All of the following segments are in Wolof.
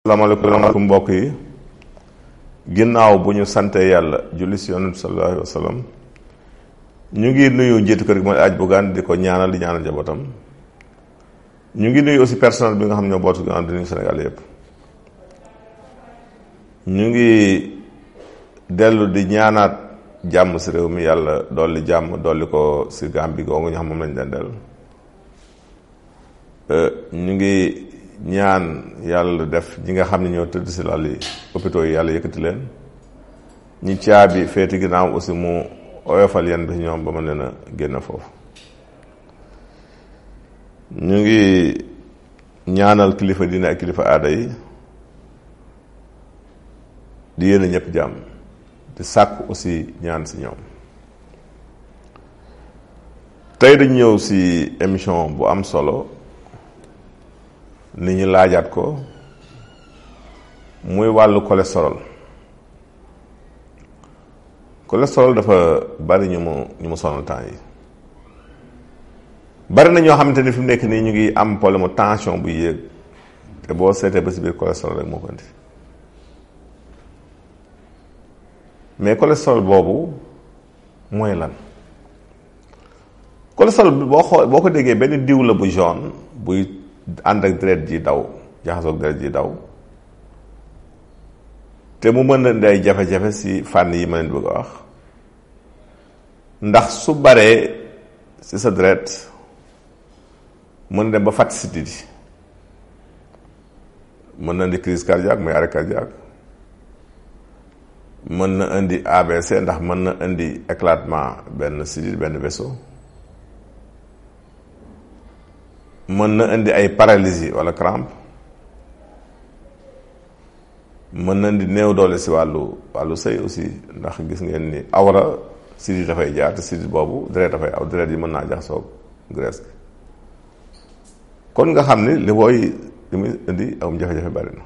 Assalamualaikum mbokk yi ginnaaw bu ñu sante yàlla julli si yonent sallallahu alayhi wa sallam ñu ngi nuyu njiitu kër gi mooy aaj bugaan di ko ñaanal di ñaanal jabatam ñu ngi nuyu aussi personnel bi nga xam ñoo bootu gannaaw di nuyu Sénégal yépp ñu ngi dellu di ñaanaat jàmm si réew mi yàlla dolli jàmm dolli ko si Gambie googu ñu xam moom lañ dendal euh, ñu ngi ñaan yàlla def ñi nga xam ne ñoo tëdd si lal yi hôpitaux yi yàlla yëkkati leen ñi caabi feeti ginnaaw aussi mu oyofal yenn bi ñoom ba mën leen a foofu ñu ngi ñaanal kilifa diine ak kilifa aada yi di yéene ñëpp jàmm di sàkk aussi ñaan si ñoom tey dañ ñëw si émission bu am solo nit ñi laajaat ko muy wàllu cholestérol cholestérol dafa bari ñu mu ñu mu sonal temps yi bari na ñoo xamante ni fi mu nekk nii ñu ngi am problème tension bu yéeg te boo seetee ba si biir cholestérol rek moo ko indi mais cholestérol boobu mooy lan cholestérol boo xoo boo ko déggee benn diw la bu jaune buy ànd ak deret ji daw jaxasoog deret ji daw te mu mën na indi ay jafe-jafe si fànn yi ma leen bëgg a wax ndax su baree si sa deret mën na dem ba fàtt siddi di mën na indi crise cardiaque muy arrêt cardiaque mën na indi ABC ndax mën na indi éclatement benn siddi benn vaisseau mën na indi ay paralysie wala crampe mën na indi néew doole si wàllu wàllu sëy aussi ndax gis ngeen ni awra sidit dafay jaar te sidit boobu deret dafay aw deret yi mën naa jax soog graisse kon nga xam ni li booy li muy indi am jafe-jafe bari na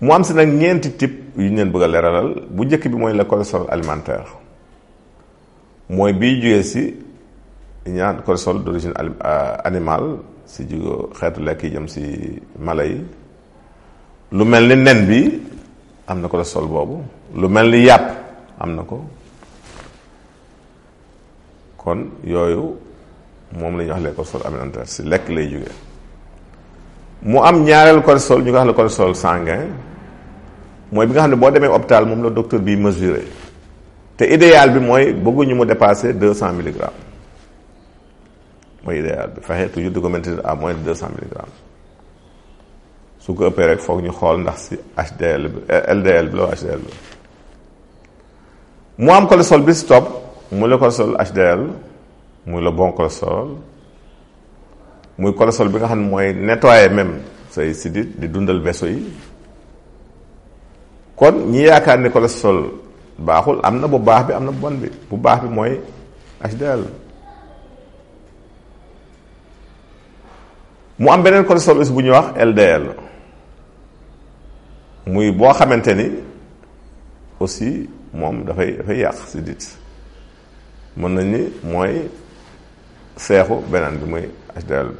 mu am si nag ñeenti type yu ñu leen bëgg a leeralal bu njëkk bi mooy le sol alimentaire mooy biy jógee si ñaan cortisol d'origine euh, animal si jugo xeetu lekk yi jëm si mala yi lu mel ni nen bi am na cortisol boobu lu mel ni yàpp am na ko kon yooyu moom la ñuy wax le cortisol alimentaire si lekk lay jóge mu am ñaareel cortisol ñu nga xam ne cortisol sanguin mooy bi nga xam ne boo demee hôpital moom la docteur bi mesuré te idéal bi mooy bëgguñu mu dépasser deux cent milligrammes mooy idéal bi fexe toujours di à moins de 200 mg. milligrammes su ko ëppee rek foog ñu xool ndax si HDL bi LDL bi la HDL bi mu am cholestérol bi si topp muy le cholestérol HDL muy le bon cholestérol muy cholestérol bi nga xam ne mooy nettoyer même say sidit di dundal vaisseau yi kon ñi yaakaar ni cholestérol baaxul amna na bu baax bi amna na bon bi bu baax bi mooy HDL. mu am beneen cholestérol aussi bu ñuy wax LDL muy boo xamante ni aussi moom dafay dafay yàq si dit mën nañ ni mooy seexu beneen bi muy HDL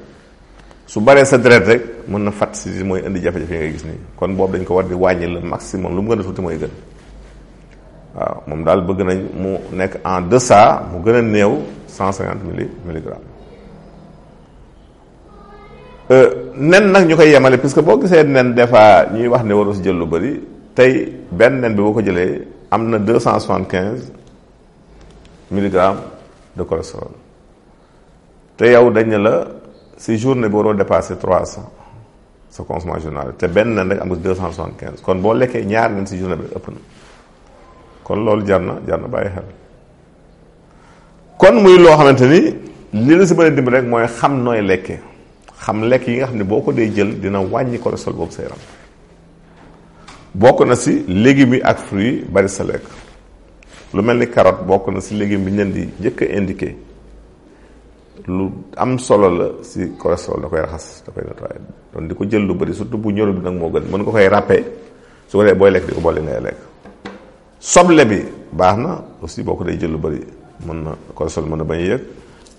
su baree sa deret rek mën na fat si dit mooy indi jafe-jafe ngay gis ni kon boobu dañ ko war di wàññi le maximum lu mu gën a tuuti mooy gën waaw moom daal bëgg nañ mu nekk en deçà mu gën a néew cent cinquante milli Euh, nen nag ñu koy yemale que boo gisee nen des fois ñuy wax ni waroo si jël lu bari tey benn nen bi boo ko jëlee am na deux cent soixante quinze milligrammes de cholestérol te yow dañ ne la si journée bi waroo dépasser trois cent sa consommation journalière te benn nen rek am nga deux cent soixante quinze kon boo lekkee ñaar nen si journée bi ëpp na kon loolu jar na jar na bàyyi xel kon muy loo xamante ni li la si mën a rek mooy xam nooy lekkee. xam lekk yi nga xam ne boo ko dee jël dina wàññi cholestérol boobu sa yaram bokk na si légumes yi ak fruits bari sa lekk lu mel ni carotte bokk na si légume bi ñu leen di njëkk a lu am solo la si cholestérol da koy raxas da koy nettoyé donc di ko jël lu bari surtout bu ñorul bi nag moo gën mën nga koy ràppe su ko dee booy lekk di ko boole ngay lekk soble bi baax na aussi boo ko dee jël lu bari mën na cholestérol mën na bañ a yëg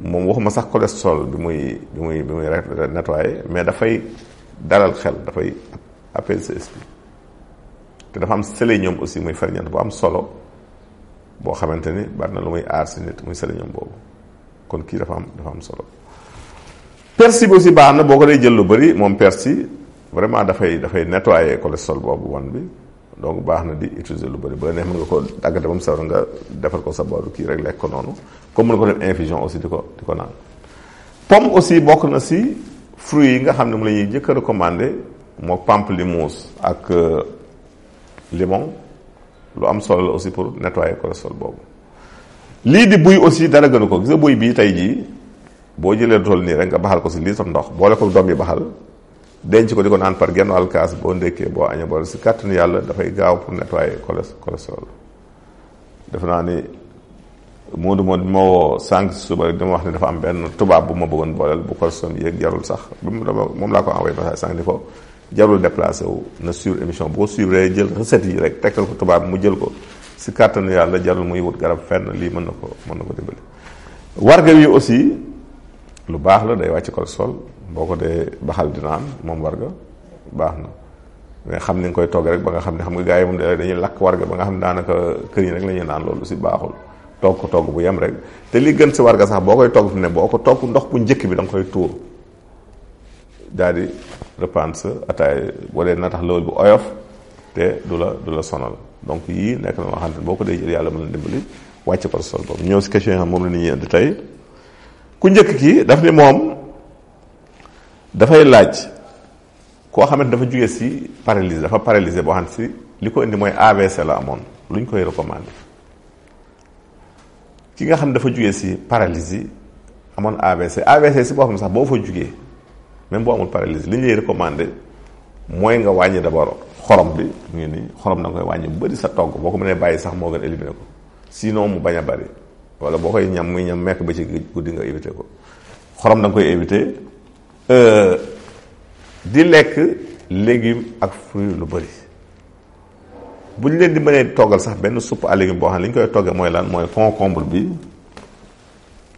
moom waxuma sax cholestérol bi muy bi muy bi muy nettoyé mais dafay dalal xel dafay apaiser sa esprit te dafa am sélénium aussi muy ferñeent bu am solo boo xamante ni bari na lu muy aar si nit muy sélénium boobu kon kii dafa am dafa am solo Persi bi aussi baax na boo ko dee jël lu bëri moom persi vraiment dafay dafay nettoyé cholestérol boobu wan bi donc baax na di utiliser lu bëri bu la neex mën nga ko dàggate ba mu nga defar ko sa boolu kii rek lekk ko noonu comme mën nga ko def infusion aussi di ko di ko naan pomme aussi bokk na si fruits yi nga xam ne mu la ñuy jëkk a recommandé moo pamplemousse ak euh, limon lu am solo aussi pour nettoyer sol boobu lii di buy aussi dara gënu ko gis buy bii tey jii boo jëlee dool nii rek nga baxal ko si lii sa ndox boole ko doom yi baxal denc ko diko nan par genn wal kaas bo ndeke bo anya bo ci kattan yalla da fay gaaw pour nettoyer cholestérol def na ni modou mod mo sank suba dama wax ni dafa am ben tuba bu ma bëggon bolal bu cholestérol yeek jarul sax mom la ko envoyer passage sank diko jarul déplacer wu na sur émission bo suivre jël recette yi rek tekkal ko tuba mu jël ko ci kattan yalla jarul muy wut garab fenn li mën nako mën nako dimbali warga wi aussi lu bax la day wacc cholestérol boo ko dee baxal dina am moom warga baax na mais xam ni nga koy togg rek ba nga xam ne xam nga gaa yi moom dañuy lakk warga ba nga xam ne daanaka kër yi rek la ñuy naan loolu si baaxul togg ko togg bu yem rek te li gën si warga sax boo koy togg fi ne boo ko togg ndox bu njëkk bi da nga koy tuur daal di reprendre sa ataay wala na bu oyof te du la la sonal donc yii nekk na loo xam boo ko dee jël yàlla mën na dimbali wàcc ko sol boobu ñëw si question yi xam moom la nit ñi indi tey ku njëkk ki daf ni moom dafay laaj koo xamante dafa jugee si paralysie dafa paralysé boo xam si li ko indi mooy AVC la amoon lu ñu koy recommandé ki nga xam dafa jugee si paralysie amoon AVC AVC si boo xam ne sax boo fa jugee même boo amul paralysie li ñu lay recommandé mooy nga wàññi d'abord xorom bi ngeen ni xorom na nga koy wàññi bu bëri sa togg boo ko mënee bàyyi sax moo gën éliminer ko sinon mu bañ a bëri wala boo koy ñam muy ñam mekk ba ci guddi nga éviter ko xorom da koy éviter. Euh, di lekk légume ak fruit lu bari bu ñu leen di mënee toggal sax benn supp à légume boo xam ne li ñu koy toggee mooy lan mooy concombre bi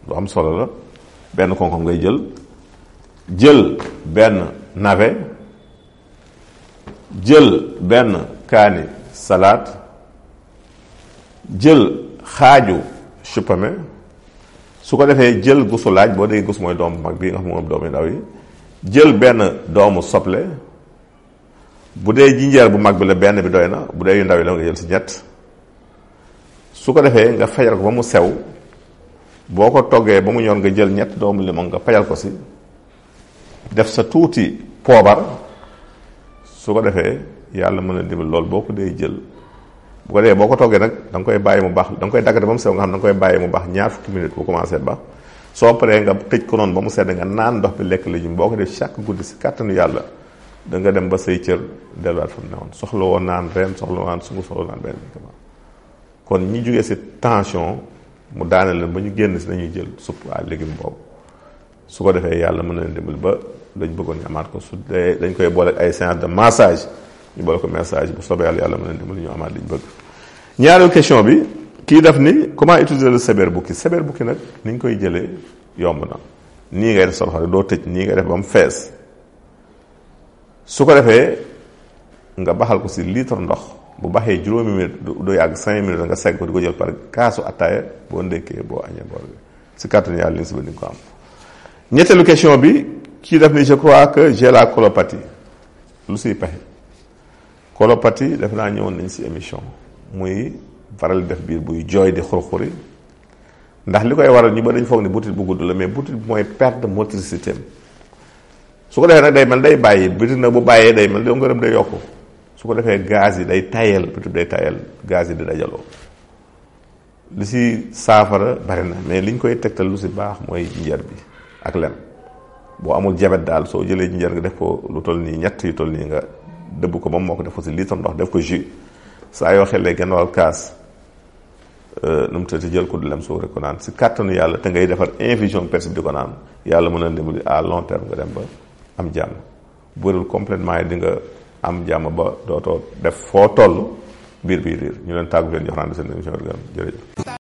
lu am solo la benn concombre ngay jël jël benn navet jël benn kaani salade jël xaaju chou pommé su ko defee jël gusu laaj boo déggee gus mooy doom mag bi nga xam moom doomi ndaw yi jël benn doomu soble bu dee jinjeer bu mag bi la benn bi doy na bu dee yu ndaw yi la nga jël si ñett su ko defee nga fajal ko ba mu sew boo ko toggee ba mu ñor nga jël ñett doomu limon nga fajal ko si def sa tuuti poobar su ko defee yàlla mën na dimbal lool boo ko dee jël bu ko defee boo ko toggee nag da koy bàyyi mu baax da koy daggate ba mu sew nga xam da nga koy bàyyi mu baax ñaar fukki minutes bu commencé ba soo paree nga tëj ko noonu ba mu sedd nga naan ndox bi lekk légume boo ko def chaque guddi si kàttanu yàlla da nga dem ba say cër delluwaat fa mu newoon soxla woon naan ren soxla woon su sungu soxla naan benn médicament kon ñu jógee si tension mu daane leen ba ñu génn si nañuy jël supp à légume boobu su ko defee yàlla mën na leen ba dañ bëggoon ñu amaat ko su dee dañ koy boole ay séance de massage ñu boole ko massage bu soobee yàlla yàlla mën na leen ñu amaat liñ bëgg bi kii def ni comment utiliser le cyberbooking cyberbooking nag ni ñu koy jëlee yomb na nii ngay def sa doo tëj nii ngay def ba mu fees su ko defee nga baxal ko si litre ndox bu baxee juróomi minute du yàgg cinq minutes nga segg ko di ko jël par kaasu attaaya boo ndékkee boo añee boo si kàttanu yàlla li nga si bëgg di ko am. ñetteelu question bi kii daf ni je crois que j'ai la colopathie lu siy pexe colopathie def naa ñëwoon nañ si émission muy. faral di def biir buy jooy di xurxuri ndax li koy waral ñu ba dañ foog ne butit bu gudd la mais butit mooy perte motricité am su ko defee nag day mel day bàyyi butit nag bu bàyyee day mel doo ngërëm day yokk su ko defee gaz yi day tayal butit day tayal gaz yi di dajaloo li si saafara bari na mais liñ koy tegtal lu si baax mooy njër bi ak lem boo amul jabet daal soo jëlee njër nga def ko lu toll nii ñett yu toll nii nga dëbb ko moom moo ko def si litre ndox def ko saa yoo xelee genn wàll kaas Euh, nu mu tëddee jël ko du lem soo rek ko naan si kàttanu yàlla te ngay defar infusion persique di ko naan yàlla mën na dimbali à long terme nga dem ba am jàmm bërul complètement yi di nga am jàmm ba dootoo def foo toll biir biir riir ñu leen tàggu leen jox naan seen émission organ jërëjëf